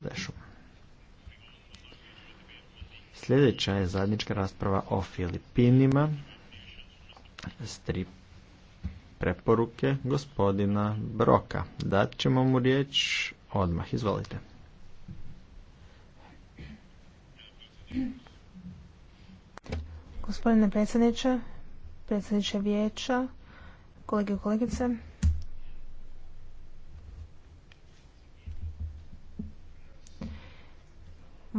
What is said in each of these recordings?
Vešu. Sljedeća je zadnjička rasprava o Filipinima s tri preporuke gospodina Broka. Dat ćemo mu riječ odmah, izvolite. Gospodine predsjedniče, predsjedniče vijeća, kolege i kolegice,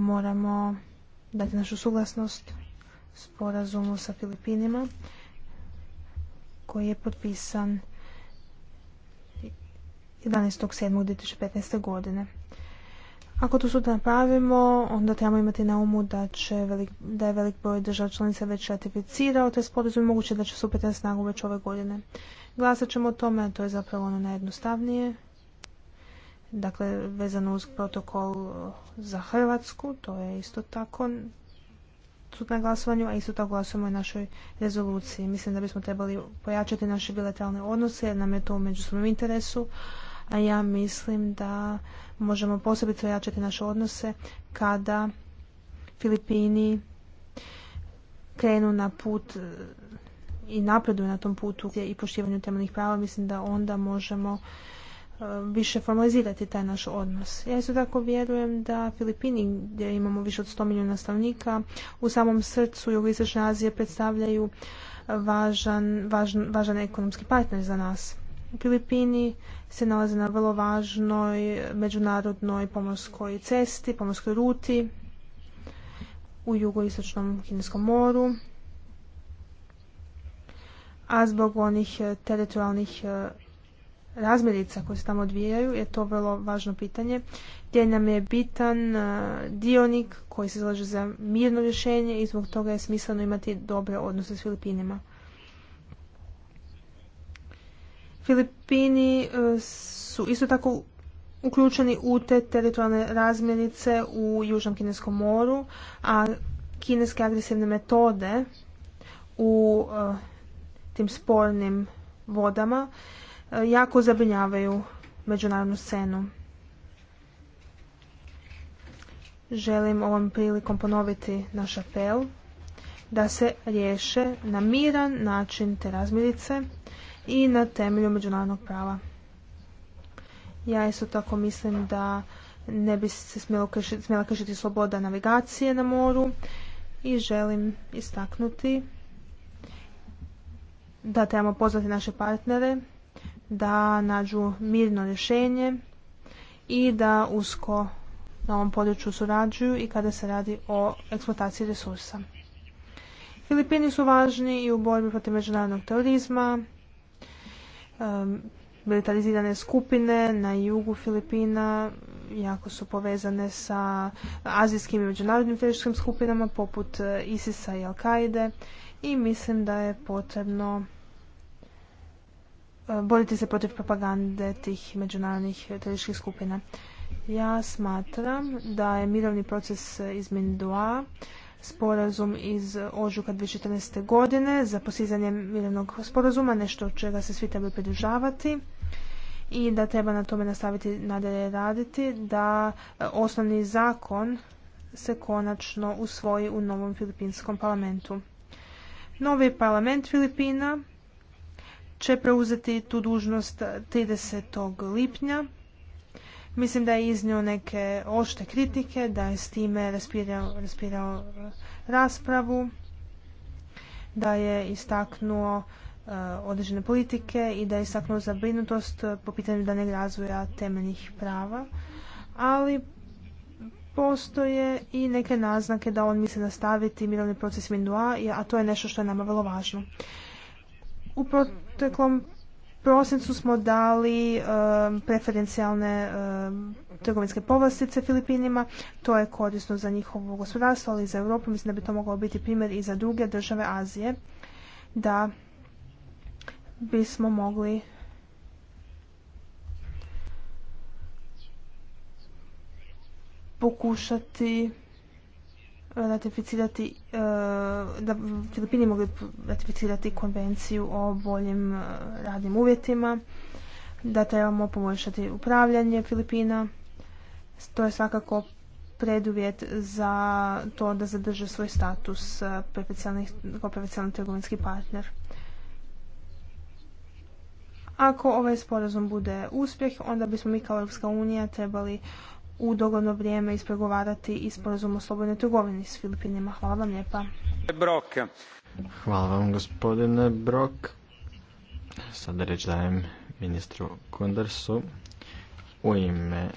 moramo dati našu suglasnost sporazumu sa Filipinima koji je potpisan 11.7.2015. godine. Ako to sutra napravimo, onda trebamo imati na umu da, će da je velik broj država članica već ratificirao te sporazum moguće da će stupiti na snagu već ove godine. Glasat ćemo o tome, to je zapravo ono najjednostavnije Dakle, vezano uz protokol za Hrvatsku, to je isto tako na glasovanju, a isto tako glasujemo i našoj rezoluciji. Mislim da bismo trebali pojačati naše bilateralne odnose jer nam je to u međusobnom interesu, a ja mislim da možemo posebno pojačati naše odnose kada Filipini krenu na put e, i napreduju na tom putu i poštivanju temeljnih prava, mislim da onda možemo E, više formalizirati taj naš odnos. Ja isto tako vjerujem da Filipini, gdje imamo više od 100 milijuna stanovnika, u samom srcu jugoistočne Azije predstavljaju važan, važan, važan ekonomski partner za nas. Filipini se nalaze na vrlo važnoj međunarodnoj pomorskoj cesti, pomorskoj ruti u jugoistočnom Kineskom moru, a zbog onih teritorijalnih razmirica koje se tamo odvijaju je to vrlo važno pitanje gdje nam je bitan e, dionik koji se zalaže za mirno rješenje i zbog toga je smisleno imati dobre odnose s Filipinima. Filipini e, su isto tako uključeni u te teritorijalne razmjenice u Južnom Kineskom moru, a kineske agresivne metode u e, tim spornim vodama E, jako zabrinjavaju međunarodnu scenu. Želim ovom prilikom ponoviti naš apel da se riješe na miran način te razmirice i na temelju međunarodnog prava. Ja isto tako mislim da ne bi se smjela kršiti, sloboda navigacije na moru i želim istaknuti da trebamo pozvati naše partnere da nađu mirno rješenje i da usko na ovom području surađuju i kada se radi o eksploataciji resursa. Filipini su važni i u borbi protiv međunarodnog terorizma, militarizirane skupine na jugu Filipina jako su povezane sa azijskim i međunarodnim terorističkim skupinama poput eh, ISIS-a i Al-Kaide i mislim da je potrebno boriti se protiv propagande tih međunarodnih terorističkih skupina. Ja smatram da je mirovni proces iz Mindua sporazum iz ožuka 2014. godine za postizanje mirovnog sporazuma, nešto od čega se svi trebaju pridržavati i da treba na tome nastaviti nadalje raditi, da e, osnovni zakon se konačno usvoji u novom filipinskom parlamentu. Novi parlament Filipina će preuzeti tu dužnost 30. lipnja. Mislim da je iznio neke ošte kritike, da je s time raspirao, raspravu, da je istaknuo e, određene politike i da je istaknuo zabrinutost po pitanju daljeg razvoja temeljnih prava, ali postoje i neke naznake da on misli nastaviti mirovni proces Mindua, a to je nešto što je nama vrlo važno. U proteklom prosincu smo dali um, preferencijalne um, trgovinske povlastice Filipinima. To je korisno za njihovo gospodarstvo, ali i za Europu. Mislim da bi to moglo biti primjer i za druge države Azije da bismo mogli pokušati ratificirati, e, da Filipini mogli ratificirati konvenciju o boljim e, radnim uvjetima, da trebamo poboljšati upravljanje Filipina. To je svakako preduvjet za to da zadrže svoj status e, kao preferencijalni trgovinski partner. Ako ovaj sporazum bude uspjeh, onda bismo mi kao Europska unija trebali u dogodno vrijeme ispregovarati i sporazum o slobodnoj trgovini s Filipinima. Hvala vam lijepa. Hvala vam gospodine Brok. Sada reč dajem ministru Kondersu u ime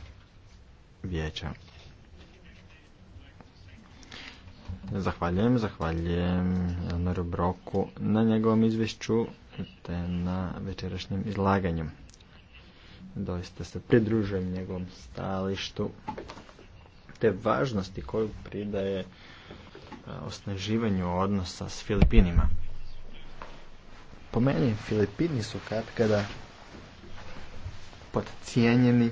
vijeća. Zahvaljujem, zahvaljujem Janoru Broku na njegovom izvješću te na večerašnjem izlaganju doista se pridružujem njegovom stalištu te važnosti koju pridaje e, osnaživanju odnosa s Filipinima. Po meni Filipini su katkada podcijenjeni.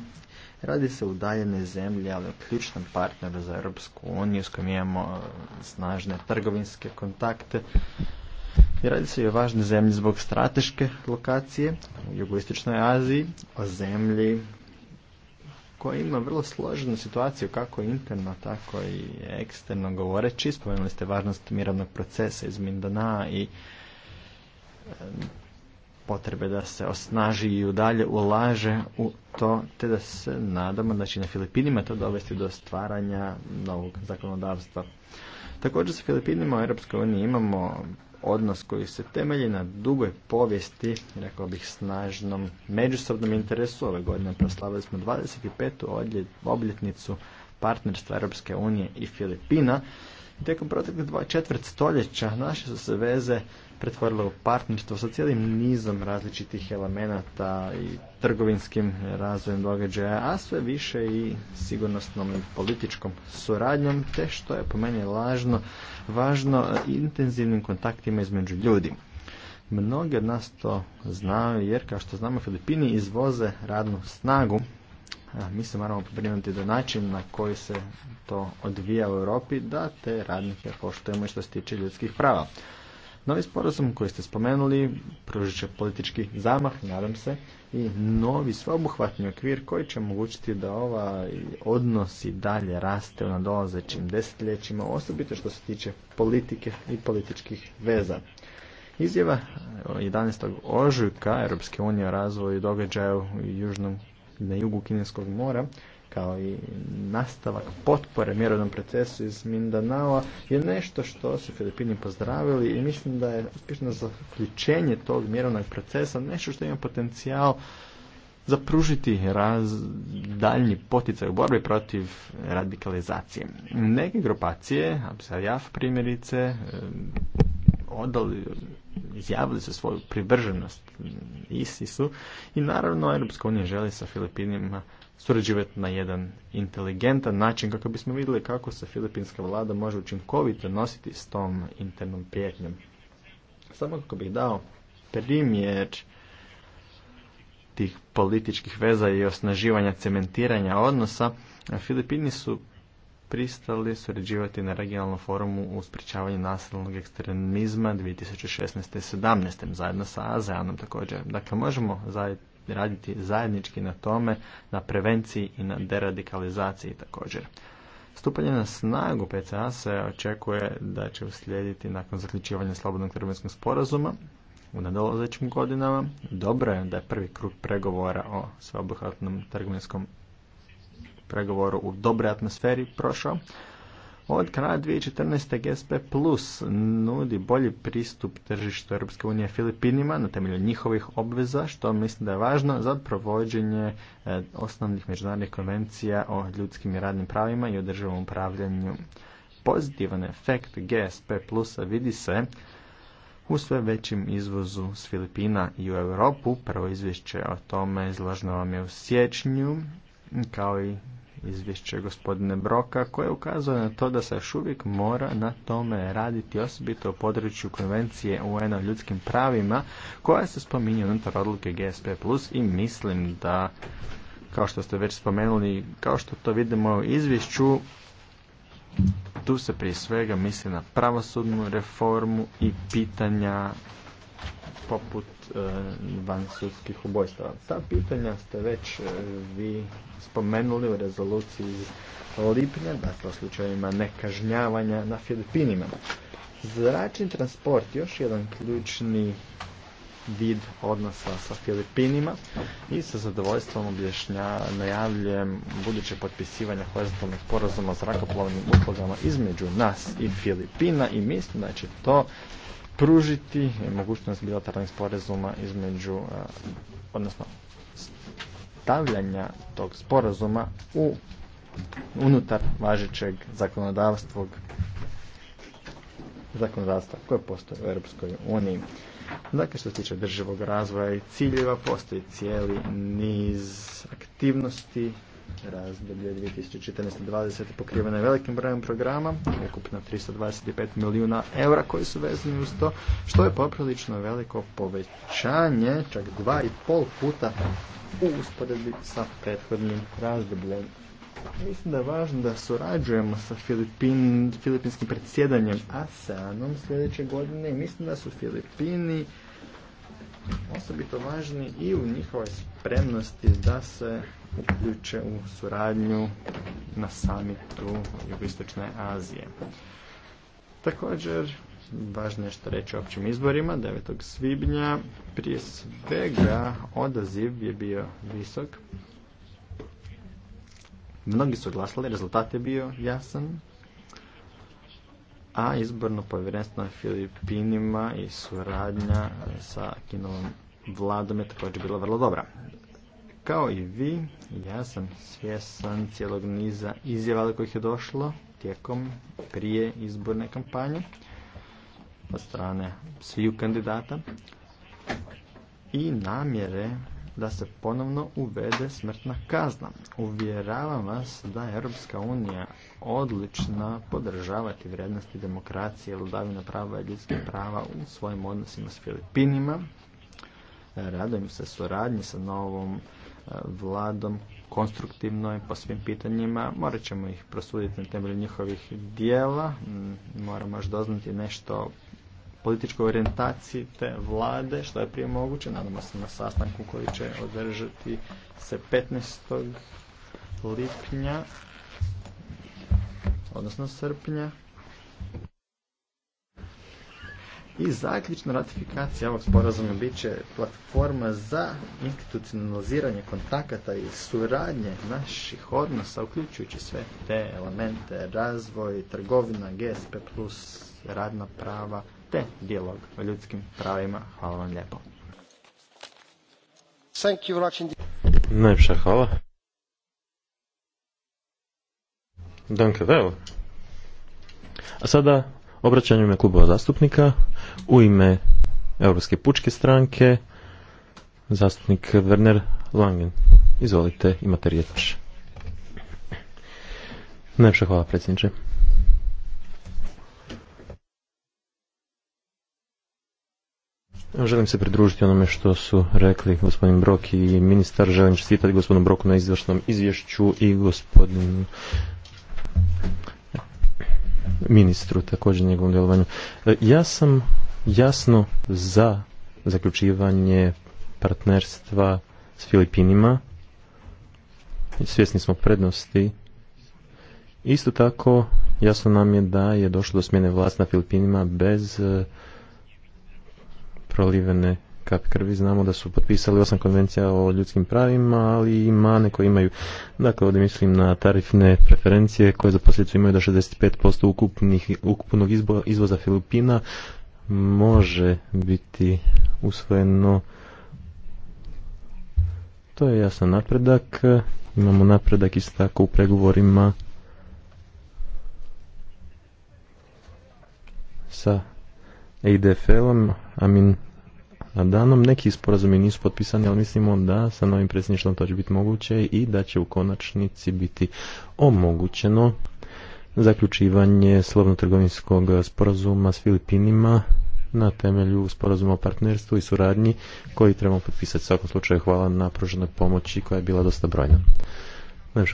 Radi se udaljene zemlje, ali o ključnom partneru za Europsku uniju s kojim imamo e, snažne trgovinske kontakte Radi se i o važnoj zemlji zbog strateške lokacije u jugoistočnoj Aziji, o zemlji koja ima vrlo složenu situaciju kako interno, tako i eksterno govoreći. Spomenuli ste važnost mirovnog procesa iz Mindana i potrebe da se osnaži i udalje ulaže u to, te da se nadamo da će na Filipinima to dovesti do stvaranja novog zakonodavstva. Također sa Filipinima u Europskoj uniji imamo odnos koji se temelji na dugoj povijesti, rekao bih snažnom međusobnom interesu. Ove godine proslavili smo 25. obljetnicu partnerstva Europske unije i Filipina. Tijekom proteklih dva četvrt stoljeća naše su se veze pretvorila u partnerstvo sa cijelim nizom različitih elemenata i trgovinskim razvojem događaja, a sve više i sigurnosnom i političkom suradnjom, te što je po meni lažno, važno intenzivnim kontaktima između ljudi. Mnogi od nas to znaju jer, kao što znamo, Filipini izvoze radnu snagu mi se moramo pobrinuti na način na koji se to odvija u Europi, da te radnike poštujemo što se tiče ljudskih prava. Novi sporazum koji ste spomenuli pružit će politički zamah, nadam se, i novi sveobuhvatni okvir koji će omogućiti da ova odnos i dalje raste u nadolazećim desetljećima, osobito što se tiče politike i političkih veza. Izjava 11. ožujka Europske unije o razvoju događaja u na jugu Kineskog mora kao i nastavak potpore mjerovnom procesu iz Mindanao je nešto što su Filipini pozdravili i mislim da je uspješno zaključenje tog mjerovnog procesa nešto što ima potencijal zapružiti raz, daljnji poticaj u borbi protiv radikalizacije. Neke grupacije, Absarjaf primjerice, odali, izjavili su svoju privrženost Isisu i naravno Europska unija želi sa Filipinima surađivati na jedan inteligentan način kako bismo vidjeli kako se filipinska vlada može učinkovito nositi s tom internom prijetnjom. Samo kako bih dao primjer tih političkih veza i osnaživanja cementiranja odnosa, Filipini su pristali surađivati na regionalnom forumu u sprečavanju nasilnog ekstremizma 2016. i 2017. zajedno sa ASEANom također. Dakle, možemo zajedno raditi zajednički na tome, na prevenciji i na deradikalizaciji također. Stupanje na snagu PCA se očekuje da će uslijediti nakon zaključivanja slobodnog trgovinskog sporazuma u nadolazećim godinama. Dobro je da je prvi krug pregovora o sveobuhvatnom trgovinskom pregovoru u dobroj atmosferi prošao. Od kraja 2014. GSP Plus nudi bolji pristup tržištu Europske unije Filipinima na temelju njihovih obveza, što mislim da je važno za provođenje e, osnovnih međunarodnih konvencija o ljudskim i radnim pravima i održivom upravljanju. Pozitivan efekt GSP Plusa vidi se u sve većem izvozu s Filipina i u Europu. Prvo izvješće o tome izloženo vam je u siječnju, kao i izvješće gospodine Broka koje ukazuje na to da se još uvijek mora na tome raditi osobito u području konvencije UN o ljudskim pravima koja se spominje unutar odluke GSP+, i mislim da kao što ste već spomenuli, kao što to vidimo u izvješću, tu se prije svega misli na pravosudnu reformu i pitanja poput e, vansudskih ubojstava. Ta pitanja ste već e, vi spomenuli u rezoluciji lipnja, dakle slučajevima slučajima nekažnjavanja na Filipinima. Zračni transport, još jedan ključni vid odnosa sa Filipinima i sa zadovoljstvom objašnja, najavljujem buduće potpisivanje horizontalnog sporazuma o zrakoplovnim uslugama između nas i Filipina i mislim da će to pružiti mogućnost bilateralnih sporazuma između, e, odnosno stavljanja tog sporazuma u unutar važećeg zakonodavstvog zakonodavstva koje postoje u Europskoj uniji. Dakle, što se tiče državog razvoja i ciljeva, postoji cijeli niz aktivnosti razdoblje 2014-2020 pokrivena je velikim brojem programa, ukupno 325 milijuna eura koji su vezani uz to, što je poprilično veliko povećanje, čak dva i pol puta u usporedbi sa prethodnim razdobljem. Mislim da je važno da surađujemo sa Filipin, filipinskim predsjedanjem ASEANom sljedeće godine i mislim da su Filipini osobito važni i u njihovoj spremnosti da se uključe u suradnju na samitu Jugoistočne Azije. Također, važno je što reći o općim izborima 9. svibnja. Prije svega odaziv je bio visok. Mnogi su glasali, rezultat je bio jasan. A izborno povjerenstvo na Filipinima i suradnja sa kinom vladom je također bila vrlo dobra. Kao i vi, ja sam svjesan cijelog niza izjava do kojih je došlo tijekom prije izborne kampanje od strane sviju kandidata i namjere da se ponovno uvede smrtna kazna. Uvjeravam vas da je Europska unija odlična podržavati vrijednosti demokracije, vladavina prava i ljudskih prava u svojim odnosima s Filipinima. Radujem se suradnji sa novom vladom konstruktivno i po svim pitanjima. Morat ćemo ih prosuditi na temelju njihovih dijela. Moramo još doznati nešto o političkoj orijentaciji te vlade, što je prije moguće. Nadamo se na sastanku koji će održati se 15. lipnja, odnosno srpnja. I zaključna ratifikacija ovog sporazuma bit će platforma za institucionaliziranje kontakata i suradnje naših odnosa, uključujući sve te elemente, razvoj, trgovina, GSP+, radna prava, te dijalog o ljudskim pravima. Hvala vam lijepo. Najpša hvala. Danke, A sada obraćanju ime klubova zastupnika u ime Europske pučke stranke zastupnik Werner Langen. Izvolite, imate riječ. Najpša hvala predsjedniče. Želim se pridružiti onome što su rekli gospodin Brok i ministar. Želim čestitati gospodinu Broku na izvršnom izvješću i gospodinu ministru također njegovom djelovanju. E, ja sam jasno za zaključivanje partnerstva s Filipinima. Svjesni smo prednosti. Isto tako jasno nam je da je došlo do smjene vlast na Filipinima bez e, prolivene kap krvi. Znamo da su potpisali osam konvencija o ljudskim pravima, ali i mane koje imaju. Dakle, ovdje mislim na tarifne preferencije koje za posljedicu imaju do 65% ukupnih, ukupnog izbo, izvoza Filipina može biti usvojeno. To je jasan napredak. Imamo napredak isto tako u pregovorima sa EIDFL-om, Amin danom. Neki sporazumi nisu potpisani, ali mislimo da sa novim predsjedništvom to će biti moguće i da će u konačnici biti omogućeno zaključivanje slovno-trgovinskog sporazuma s Filipinima na temelju sporazuma o partnerstvu i suradnji koji trebamo potpisati. U svakom slučaju hvala na pruženoj pomoći koja je bila dosta brojna.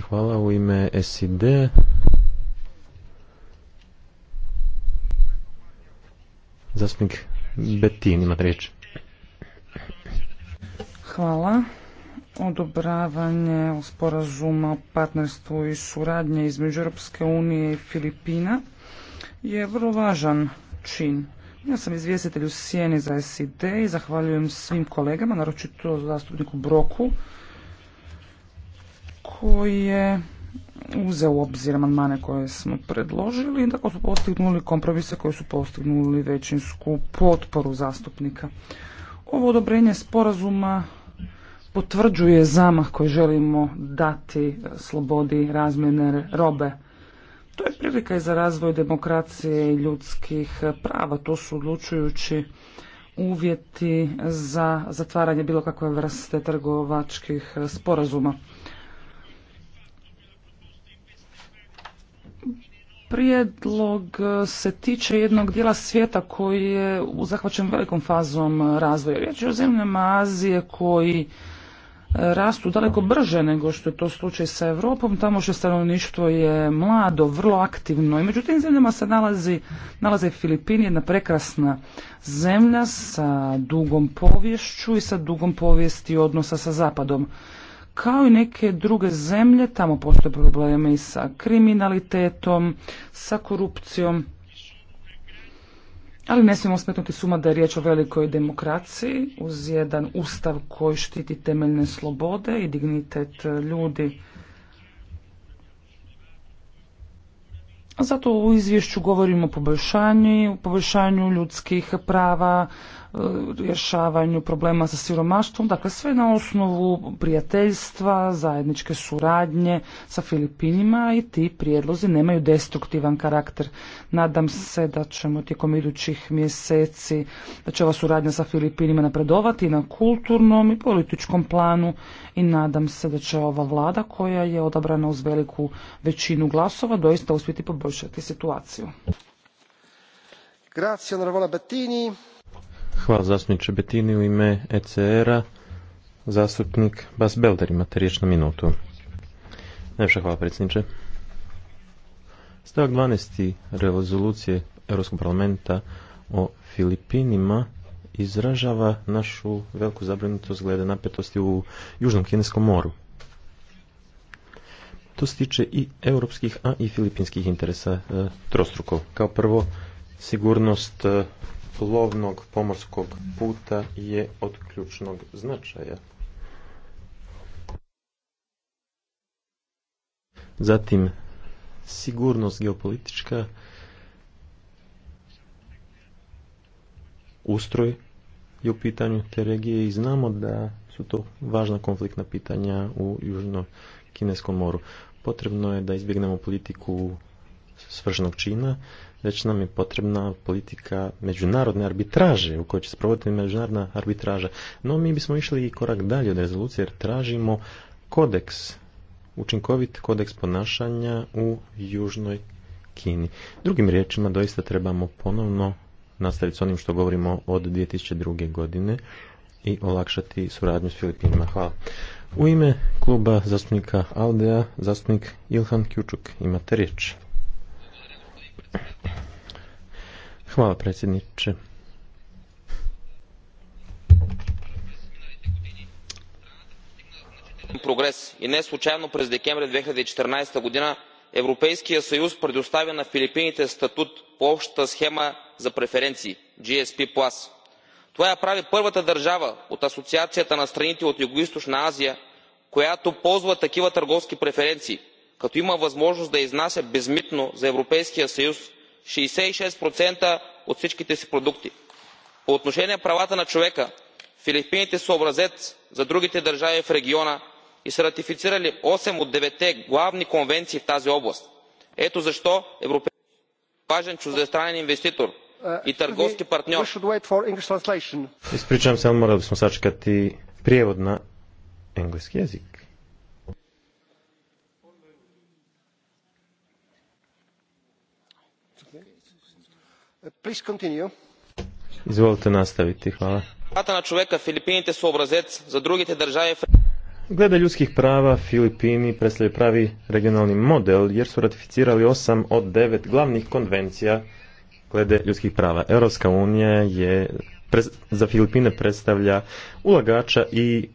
hvala u ime SID. Zastupnik Betin ima riječ. Hvala. Odobravanje sporazuma o partnerstvu i suradnje između Europske unije i Filipina je vrlo važan čin. Ja sam izvjestitelj u Sijeni za SID i zahvaljujem svim kolegama, naročito zastupniku Broku, koji je uzeo u obzir amandmane koje smo predložili i tako su postignuli kompromise koji su postignuli većinsku potporu zastupnika. Ovo odobrenje sporazuma potvrđuje zamah koji želimo dati e, slobodi razmjene robe. To je prilika i za razvoj demokracije i ljudskih e, prava. To su odlučujući uvjeti za zatvaranje bilo kakve vrste trgovačkih e, sporazuma. Prijedlog se tiče jednog dijela svijeta koji je zahvaćen velikom fazom razvoja. Riječ je o zemljama Azije koji rastu daleko brže nego što je to slučaj sa Europom. Tamo što stanovništvo je mlado, vrlo aktivno i međutim zemljama se nalazi, nalaze Filipini, jedna prekrasna zemlja sa dugom povješću i sa dugom povijesti odnosa sa Zapadom. Kao i neke druge zemlje, tamo postoje problemi sa kriminalitetom, sa korupcijom, ali ne smijemo smetnuti suma da je riječ o velikoj demokraciji uz jedan ustav koji štiti temeljne slobode i dignitet ljudi. Zato u izvješću govorimo o poboljšanju, poboljšanju ljudskih prava, E, rješavanju problema sa siromaštvom, dakle sve na osnovu prijateljstva, zajedničke suradnje sa Filipinima i ti prijedlozi nemaju destruktivan karakter. Nadam se da ćemo tijekom idućih mjeseci, da će ova suradnja sa Filipinima napredovati na kulturnom i političkom planu i nadam se da će ova vlada koja je odabrana uz veliku većinu glasova doista uspjeti poboljšati situaciju. Grazie, Hvala zastupniče Betini u ime ECR-a. Zastupnik Bas Belder imate riječ na minutu. Najviše hvala predsjedniče. Stavak 12. rezolucije Europskog parlamenta o Filipinima izražava našu veliku zabrinutost glede napetosti u Južnom Kineskom moru. To se tiče i europskih, a i filipinskih interesa e, trostruko. Kao prvo, sigurnost e, lovnog pomorskog puta je od ključnog značaja. Zatim, sigurnost geopolitička, ustroj je u pitanju te regije i znamo da su to važna konfliktna pitanja u Južno-Kineskom moru. Potrebno je da izbjegnemo politiku svršnog čina, već nam je potrebna politika međunarodne arbitraže u kojoj će se provoditi međunarodna arbitraža. No mi bismo išli i korak dalje od rezolucije jer tražimo kodeks, učinkovit kodeks ponašanja u Južnoj Kini. Drugim riječima doista trebamo ponovno nastaviti s onim što govorimo od 2002. godine i olakšati suradnju s Filipinima. Hvala. U ime kluba zastupnika Aldea, zastupnik Ilhan Kjučuk, imate riječ. Hvala predsjedniče. прогрес и не случайно през декември 2014 година Европейския съюз предоставя на Филипините статут по общата схема за преференции GSP+. Това я прави първата държава от Асоциацията на страните от Югоизточна Азия, която ползва такива търговски преференции, като има възможност да изнася безмитно за Европейския съюз 66% от всичките си продукти. по отношение правата на човека филипините са образец за другите държави в региона и са ратифицирали 8 от 9 главни конвенции в тази област. ето защо европейският съюз е важен чуждестранен инвеститор търговски търговски партньор. се, se, да сме сачкат и превод на английски язик. Izvolite nastaviti, hvala. na čoveka su obrazec za druge države... Glede ljudskih prava, Filipini predstavljaju pravi regionalni model jer su ratificirali osam od devet glavnih konvencija glede ljudskih prava. Europska unija je za Filipine predstavlja ulagača i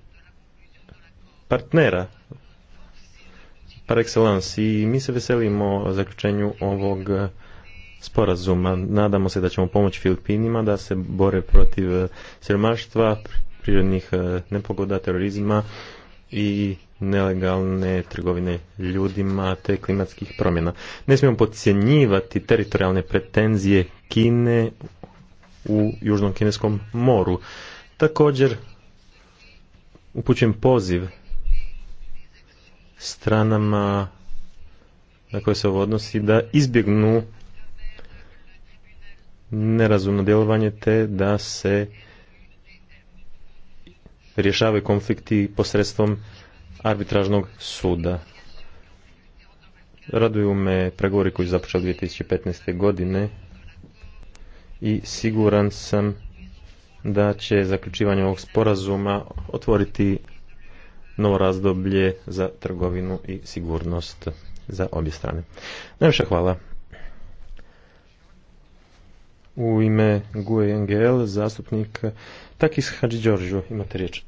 partnera par excellence i mi se veselimo zaključenju ovog sporazuma. Nadamo se da ćemo pomoći Filipinima da se bore protiv e, siromaštva, prirodnih e, nepogoda, terorizma i nelegalne trgovine ljudima te klimatskih promjena. Ne smijemo podcjenjivati teritorijalne pretenzije Kine u Južnom kineskom moru. Također upućujem poziv stranama na koje se ovo odnosi da izbjegnu nerazumno djelovanje te da se rješavaju konflikti posredstvom arbitražnog suda. Raduju me pregovori koji su započeli 2015. godine i siguran sam da će zaključivanje ovog sporazuma otvoriti novo razdoblje za trgovinu i sigurnost za obje strane. Najviše hvala u ime Guje NGL zastupnik Takis Hadži Imate riječ.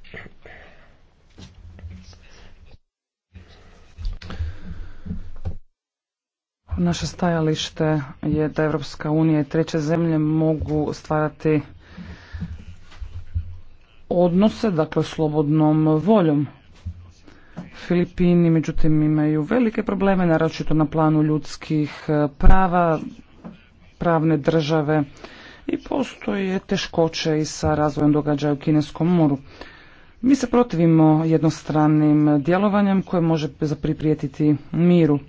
Naše stajalište je da Evropska unija i treće zemlje mogu stvarati odnose, dakle slobodnom voljom. Filipini, međutim, imaju velike probleme, naročito na planu ljudskih prava, pravne države i postoje teškoće i sa razvojem događaja u Kineskom moru. Mi se protivimo jednostranim djelovanjem koje može zapriprijetiti miru.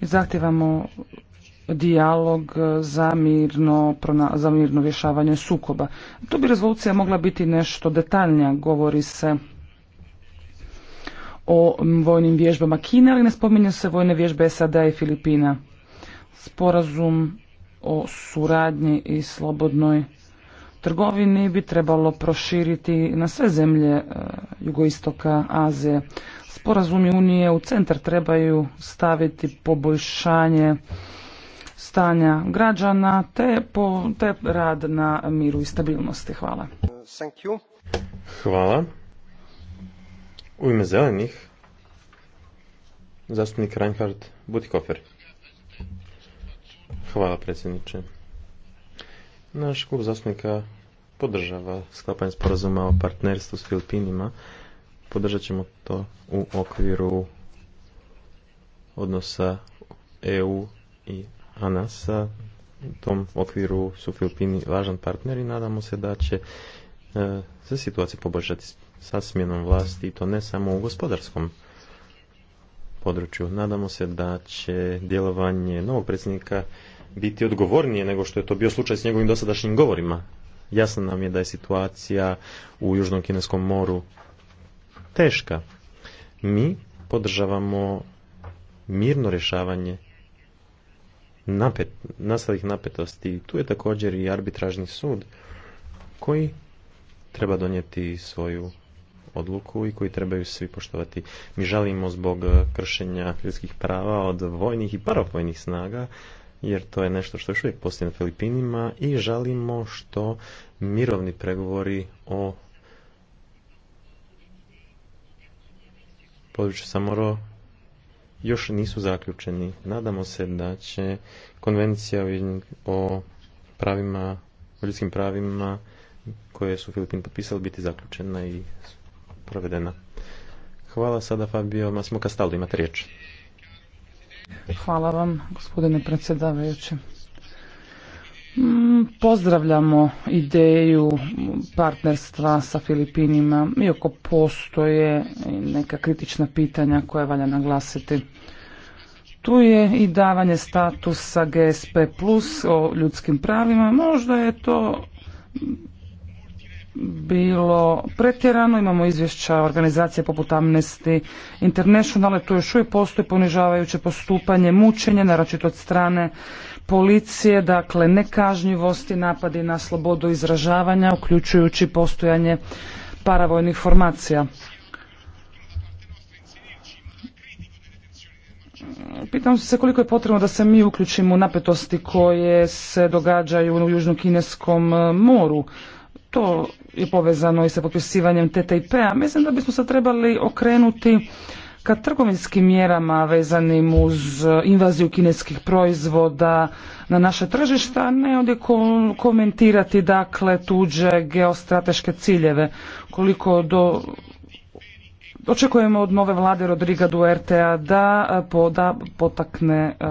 Zahtjevamo dijalog za mirno, za mirno rješavanje sukoba. Tu bi rezolucija mogla biti nešto detaljnija, govori se o vojnim vježbama Kine, ali ne spominje se vojne vježbe SAD i Filipina. Sporazum o suradnji i slobodnoj trgovini bi trebalo proširiti na sve zemlje e, jugoistoka Azije. Sporazumi Unije u centar trebaju staviti poboljšanje stanja građana te, po, te rad na miru i stabilnosti. Hvala. Thank Hvala. U ime zelenih zastupnik Reinhard Butikofer. Hvala predsjedniče. Naš klub zastupnika podržava sklapanje sporazuma o partnerstvu s Filipinima. Podržat ćemo to u okviru odnosa EU i anas U tom okviru su Filipini važan partner i nadamo se da će e, se situacija poboljšati sa smjenom vlasti i to ne samo u gospodarskom području. Nadamo se da će djelovanje novog predsjednika biti odgovornije nego što je to bio slučaj s njegovim dosadašnjim govorima. Jasno nam je da je situacija u Južnom Kineskom moru teška. Mi podržavamo mirno rješavanje napet, nastalih napetosti. Tu je također i arbitražni sud koji treba donijeti svoju odluku i koji trebaju svi poštovati. Mi žalimo zbog e, kršenja ljudskih prava od vojnih i paravojnih snaga, jer to je nešto što još uvijek postoji na Filipinima i žalimo što mirovni pregovori o području Samoro još nisu zaključeni. Nadamo se da će konvencija o pravima, o ljudskim pravima koje su Filipini potpisali biti zaključena i provedena. Hvala sada Fabio Masmo Castaldo, imate riječ. Hvala vam gospodine predsjedavajući. Mm, pozdravljamo ideju partnerstva sa Filipinima, iako postoje neka kritična pitanja koja valja naglasiti. Tu je i davanje statusa GSP plus o ljudskim pravima. Možda je to bilo pretjerano. Imamo izvješća organizacije poput Amnesty International, tu još uvijek postoji ponižavajuće postupanje, mučenje, naročito od strane policije, dakle nekažnjivosti, napadi na slobodu izražavanja, uključujući postojanje paravojnih formacija. Pitam se koliko je potrebno da se mi uključimo u napetosti koje se događaju u Južno-Kineskom moru to je povezano i sa potpisivanjem TTIP-a. Mislim da bismo se trebali okrenuti ka trgovinskim mjerama vezanim uz invaziju kineskih proizvoda na naše tržišta, ne ovdje komentirati dakle tuđe geostrateške ciljeve. Koliko do Očekujemo od nove vlade Rodriga Duertea da eh, poda, potakne eh,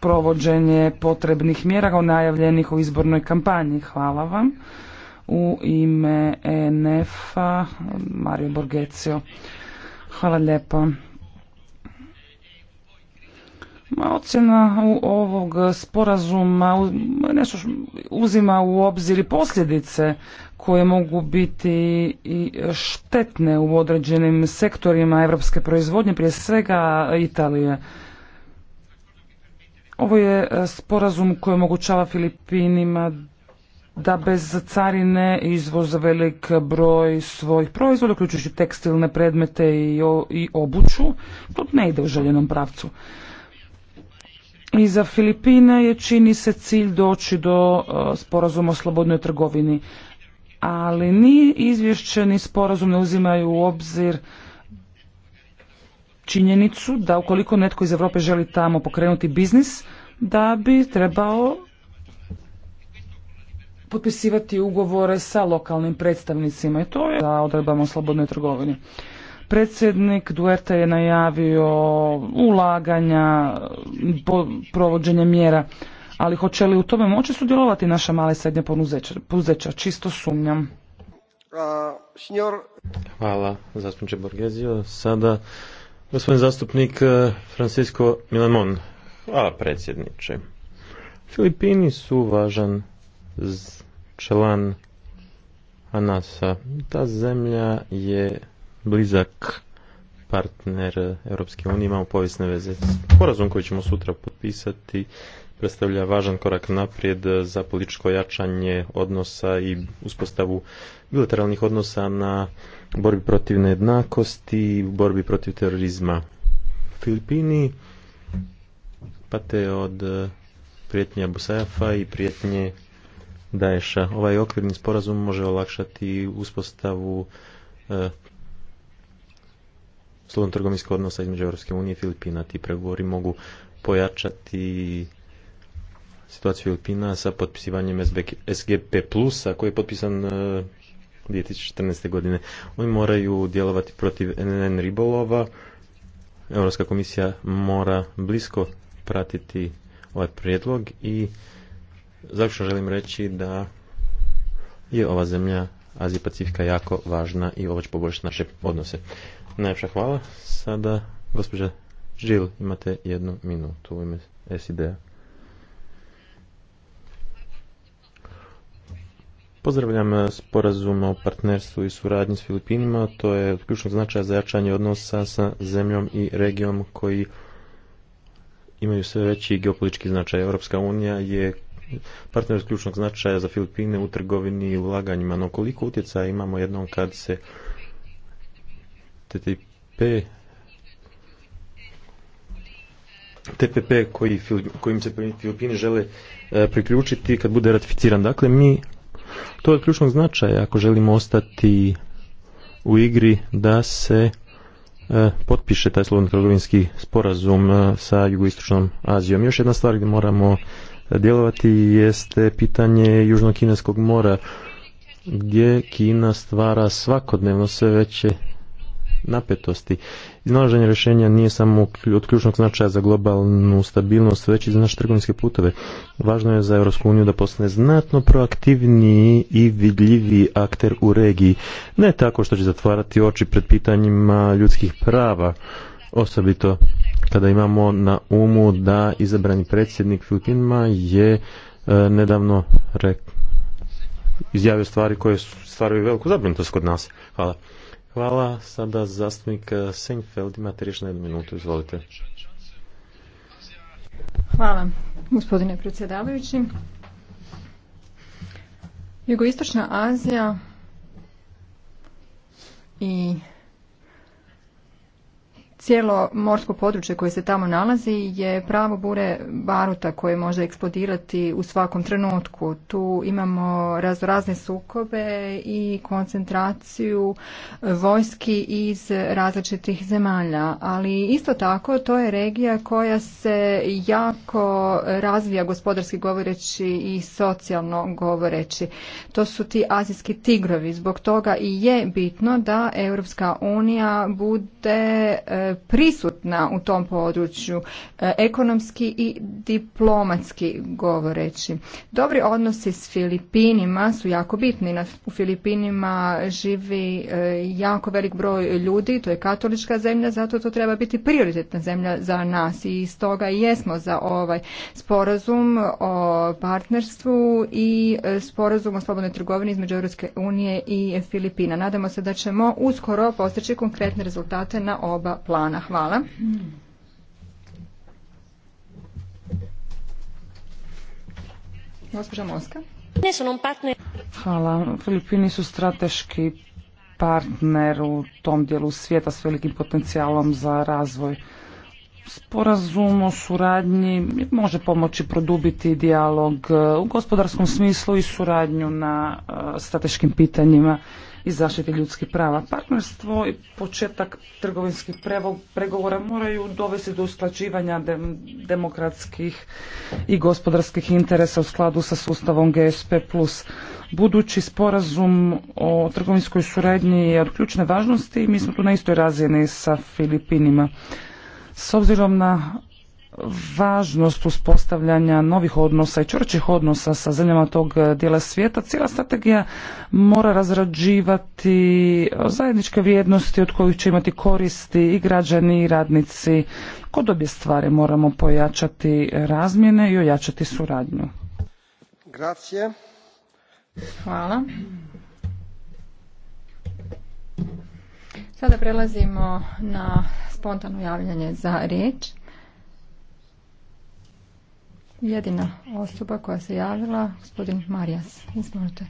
provođenje potrebnih mjera o najavljenih u izbornoj kampanji. Hvala vam u ime ENF-a Mario Borgecio. Hvala lijepo. Ocjena u ovog sporazuma nešto uzima u obzir i posljedice koje mogu biti i štetne u određenim sektorima europske proizvodnje, prije svega Italije. Ovo je sporazum koji omogućava Filipinima da bez carine izvoz velik broj svojih proizvoda, uključujući tekstilne predmete i obuću, to ne ide u željenom pravcu. I za Filipine je čini se cilj doći do e, sporazuma o slobodnoj trgovini, ali ni izvješće ni sporazum ne uzimaju u obzir činjenicu da ukoliko netko iz Europe želi tamo pokrenuti biznis, da bi trebao potpisivati ugovore sa lokalnim predstavnicima i to je za odredbama o slobodnoj trgovini. Predsjednik Duerte je najavio ulaganja, provođenje mjera, ali hoće li u tome moći sudjelovati naša mala i srednja poduzeća? Čisto sumnjam. Hvala, zastupniče Borgezio. Sada gospodin zastupnik e, Francisco Milamon. Hvala, predsjedniče. Filipini su važan član Anasa. Ta zemlja je blizak partner Europske unije, imamo povijesne veze. Sporazum koji ćemo sutra potpisati predstavlja važan korak naprijed za političko jačanje odnosa i uspostavu bilateralnih odnosa na borbi protiv nejednakosti i borbi protiv terorizma. Filipini pate od prijetnje Abusajafa i prijetnje Daesha. Ovaj okvirni sporazum može olakšati uspostavu e, slobodno trgovinskog odnosa između Europske unije i Filipina. Ti pregovori mogu pojačati situaciju Filipina sa potpisivanjem SGP plusa koji je potpisan e, 2014. godine. Oni moraju djelovati protiv NN ribolova. Europska komisija mora blisko pratiti ovaj prijedlog i završno želim reći da je ova zemlja Azije Pacifika jako važna i ovo će poboljšati naše odnose. Najljepša hvala. Sada, gospođa Žil, imate jednu minutu u ime SID-a. Pozdravljam sporazum o partnerstvu i suradnji s Filipinima. To je od ključnog za jačanje odnosa sa zemljom i regijom koji imaju sve veći geopolitički značaj. Europska unija je partner ključnog značaja za Filipine u trgovini i ulaganjima, no koliko utjecaja imamo jednom kad se TTP TPP koji, kojim se Filipini žele e, priključiti kad bude ratificiran. Dakle, mi to je ključnog značaja ako želimo ostati u igri da se e, potpiše taj slovno trgovinski sporazum e, sa jugoistočnom Azijom. Još jedna stvar gdje moramo djelovati jeste pitanje južnokineskog mora gdje Kina stvara svakodnevno sve veće napetosti. Iznalaženje rješenja nije samo od ključnog značaja za globalnu stabilnost, već i za naše trgovinske putove. Važno je za Europsku uniju da postane znatno proaktivniji i vidljiviji akter u regiji. Ne tako što će zatvarati oči pred pitanjima ljudskih prava, osobito kada imamo na umu da izabrani predsjednik Filipinima je e, nedavno izjavio stvari koje stvaraju veliku zabrinutost kod nas. Hvala. Hvala. Sada zastupnik e, Sengfeld ima riječ na jednu minutu. Izvolite. Hvala, gospodine predsjedavajući. Jugoistočna Azija i Cijelo morsko područje koje se tamo nalazi je pravo bure baruta koje može eksplodirati u svakom trenutku. Tu imamo razne sukobe i koncentraciju vojski iz različitih zemalja. Ali isto tako to je regija koja se jako razvija gospodarski govoreći i socijalno govoreći. To su ti azijski tigrovi. Zbog toga i je bitno da Europska unija bude e, prisutna u tom području e, ekonomski i diplomatski govoreći. Dobri odnosi s Filipinima su jako bitni. U Filipinima živi e, jako velik broj ljudi, to je katolička zemlja, zato to treba biti prioritetna zemlja za nas i stoga i jesmo za ovaj sporazum o partnerstvu i e, sporazum o slobodnoj trgovini između Europske unije i Filipina. Nadamo se da ćemo uskoro postići konkretne rezultate na oba plana. Hvala. Gospođa Moska. Hvala. Filipini su strateški partner u tom dijelu svijeta s velikim potencijalom za razvoj. Sporazum o suradnji može pomoći produbiti dijalog e, u gospodarskom smislu i suradnju na e, strateškim pitanjima i zaštiti ljudskih prava. Partnerstvo i početak trgovinskih pregovora moraju dovesti do usklađivanja demokratskih i gospodarskih interesa u skladu sa sustavom GSP+. Budući sporazum o trgovinskoj suradnji je od ključne važnosti i mi smo tu na istoj razini sa Filipinima. S obzirom na važnost uspostavljanja novih odnosa i čvrćih odnosa sa zemljama tog dijela svijeta, cijela strategija mora razrađivati zajedničke vrijednosti od kojih će imati koristi i građani i radnici. Kod obje stvari moramo pojačati razmjene i ojačati suradnju. Grazie. Hvala. Sada prelazimo na spontano javljanje za riječ. Jedina osoba koja se javila, gospodin Marijas. Izvolite.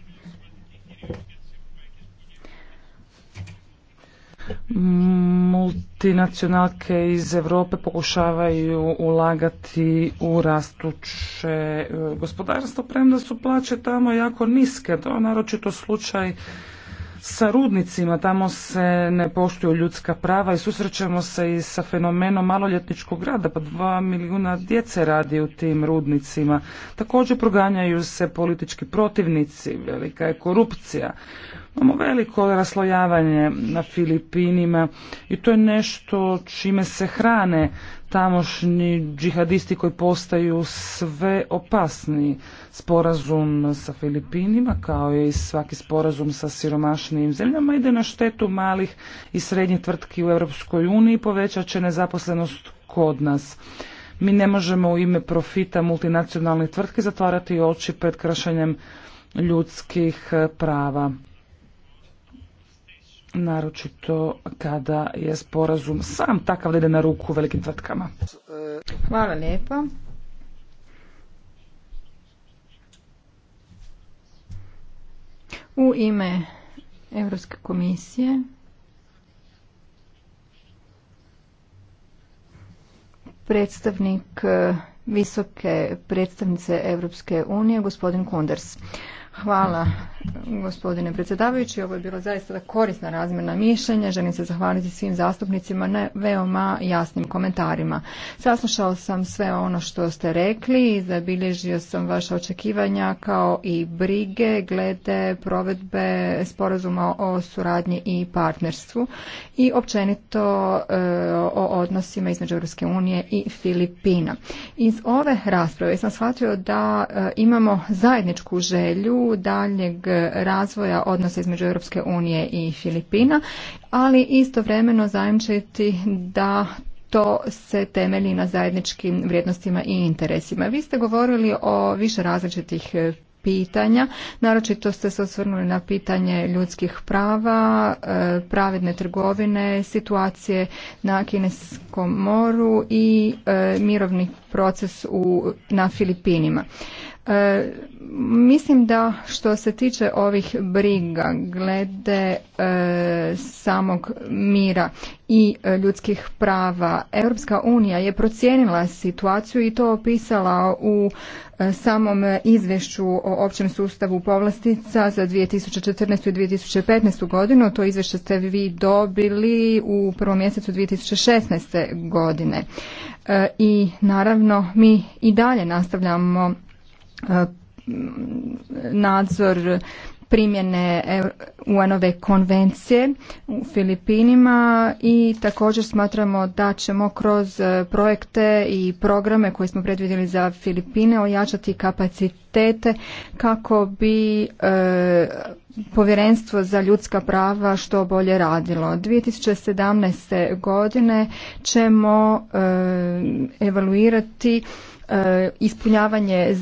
Multinacionalke iz Europe pokušavaju ulagati u rastuće e, gospodarstvo, premda su plaće tamo jako niske. To je naročito slučaj sa rudnicima, tamo se ne poštuju ljudska prava i susrećemo se i sa fenomenom maloljetničkog rada, pa dva milijuna djece radi u tim rudnicima. Također proganjaju se politički protivnici, velika je korupcija. Imamo veliko raslojavanje na Filipinima i to je nešto čime se hrane tamošnji džihadisti koji postaju sve opasni. Sporazum sa Filipinima kao i svaki sporazum sa siromašnijim zemljama ide na štetu malih i srednjih tvrtki u Europskoj uniji, povećat će nezaposlenost kod nas. Mi ne možemo u ime profita multinacionalnih tvrtki zatvarati oči pred kršenjem ljudskih prava naročito kada je sporazum sam takav da ide na ruku velikim tvrtkama. Hvala lijepa. U ime Europske komisije predstavnik visoke predstavnice Europske unije gospodin Kunders. Hvala gospodine predsjedavajući. Ovo je bilo zaista korisna razmjena mišljenja. Želim se zahvaliti svim zastupnicima na veoma jasnim komentarima. Saslušao sam sve ono što ste rekli i zabilježio sam vaše očekivanja kao i brige glede provedbe sporazuma o suradnji i partnerstvu i općenito e, o odnosima između Europske unije i Filipina. Iz ove rasprave sam shvatio da e, imamo zajedničku želju daljnjeg razvoja odnosa između Europske unije i Filipina, ali istovremeno zajamčiti da to se temelji na zajedničkim vrijednostima i interesima. Vi ste govorili o više različitih pitanja. Naročito ste se osvrnuli na pitanje ljudskih prava, e, pravedne trgovine, situacije na Kineskom moru i e, mirovni proces na Filipinima. E, Mislim da što se tiče ovih briga glede e, samog mira i e, ljudskih prava, Europska unija je procijenila situaciju i to opisala u e, samom izvješću o općem sustavu povlastica za 2014. i 2015. godinu. To izvješće ste vi dobili u prvom mjesecu 2016. godine. I naravno mi i dalje nastavljamo nadzor primjene e- UN-ove konvencije u Filipinima i također smatramo da ćemo kroz e, projekte i programe koje smo predvidjeli za Filipine ojačati kapacitete kako bi e, povjerenstvo za ljudska prava što bolje radilo. 2017. godine ćemo evaluirati E, ispunjavanje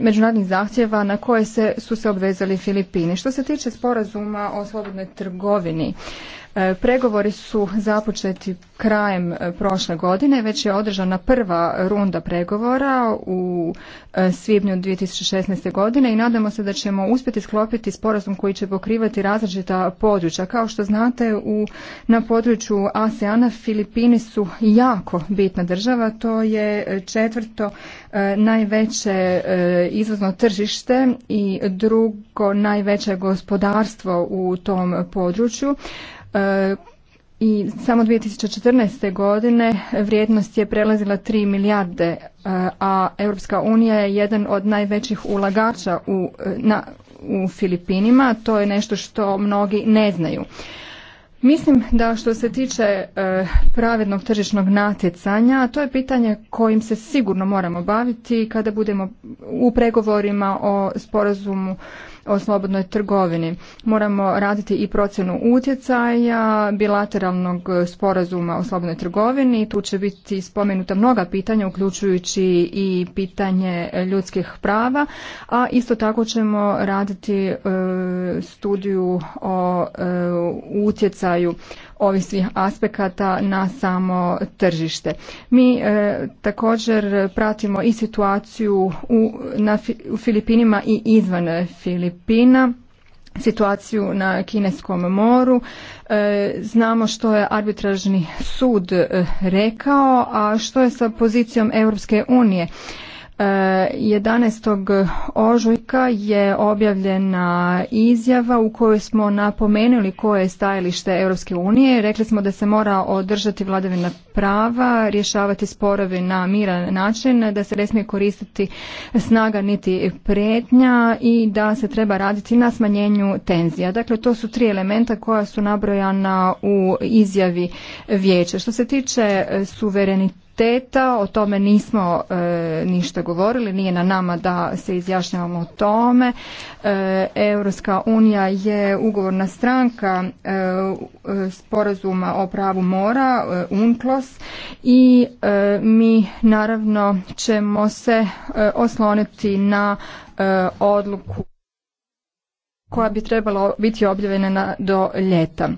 međunarodnih zahtjeva na koje se, su se obvezali Filipini. Što se tiče sporazuma o slobodnoj trgovini, E, pregovori su započeti krajem e, prošle godine, već je održana prva runda pregovora u e, svibnju 2016. godine i nadamo se da ćemo uspjeti sklopiti sporazum koji će pokrivati različita područja. Kao što znate, u, na području ASEANA Filipini su jako bitna država, to je četvrto najveće izvozno tržište i drugo najveće gospodarstvo u tom području. E, i samo 2014. godine vrijednost je prelazila 3 milijarde, e, a Europska unija je jedan od najvećih ulagača u, e, na, u Filipinima. To je nešto što mnogi ne znaju. Mislim da što se tiče pravednog tržišnog natjecanja, to je pitanje kojim se sigurno moramo baviti kada budemo u pregovorima o sporazumu o slobodnoj trgovini. Moramo raditi i procjenu utjecaja bilateralnog sporazuma o slobodnoj trgovini. Tu će biti spomenuta mnoga pitanja, uključujući i pitanje ljudskih prava, a isto tako ćemo raditi e, studiju o e, utjecaju ovih aspekata na samo tržište. Mi e, također pratimo i situaciju u, na, u Filipinima i izvan Filipina situaciju na Kineskom moru. E, znamo što je arbitražni sud e, rekao, a što je sa pozicijom Europske unije. 11. ožujka je objavljena izjava u kojoj smo napomenuli koje je stajalište Europske unije. Rekli smo da se mora održati vladavina prava, rješavati sporove na miran način, da se ne smije koristiti snaga niti pretnja i da se treba raditi na smanjenju tenzija. Dakle, to su tri elementa koja su nabrojana u izjavi vijeća. Što se tiče suverenitetu, teta o tome nismo e, ništa govorili, nije na nama da se izjašnjavamo o tome. E, Europska unija je ugovorna stranka e, sporazuma o pravu mora, e, UNCLOS i mi naravno ćemo se osloniti na odluku koja bi trebala biti objavljena do ljeta.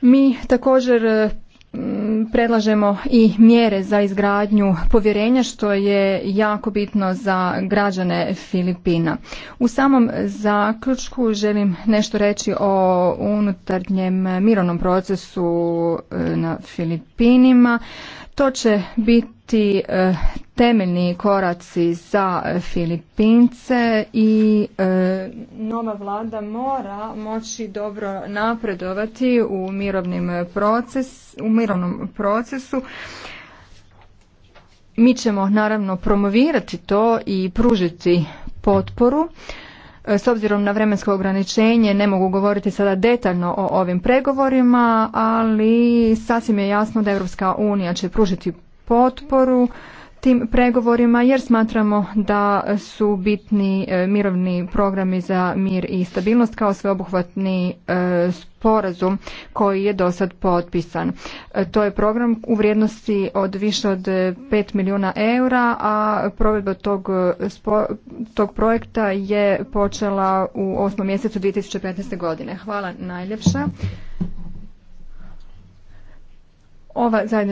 Mi također Mm, predlažemo i mjere za izgradnju povjerenja što je jako bitno za građane Filipina. U samom zaključku želim nešto reći o unutarnjem mirovnom procesu e, na Filipinima. To će biti e, temeljni koraci za Filipince i e, nova vlada mora moći dobro napredovati u mirovnim proces, u mirovnom procesu. Mi ćemo naravno promovirati to i pružiti potporu. E, s obzirom na vremensko ograničenje ne mogu govoriti sada detaljno o ovim pregovorima, ali sasvim je jasno da Europska unija će pružiti potporu tim pregovorima jer smatramo da su bitni e, mirovni programi za mir i stabilnost kao sveobuhvatni e, sporazum koji je do sad potpisan. E, to je program u vrijednosti od više od 5 milijuna eura, a provedba tog, tog projekta je počela u 8. mjesecu 2015. godine. Hvala najljepša. Ova zajedno